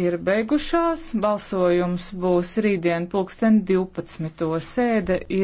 ir beigušās. Balsojums būs rītdien pulksten 12. sēde ir.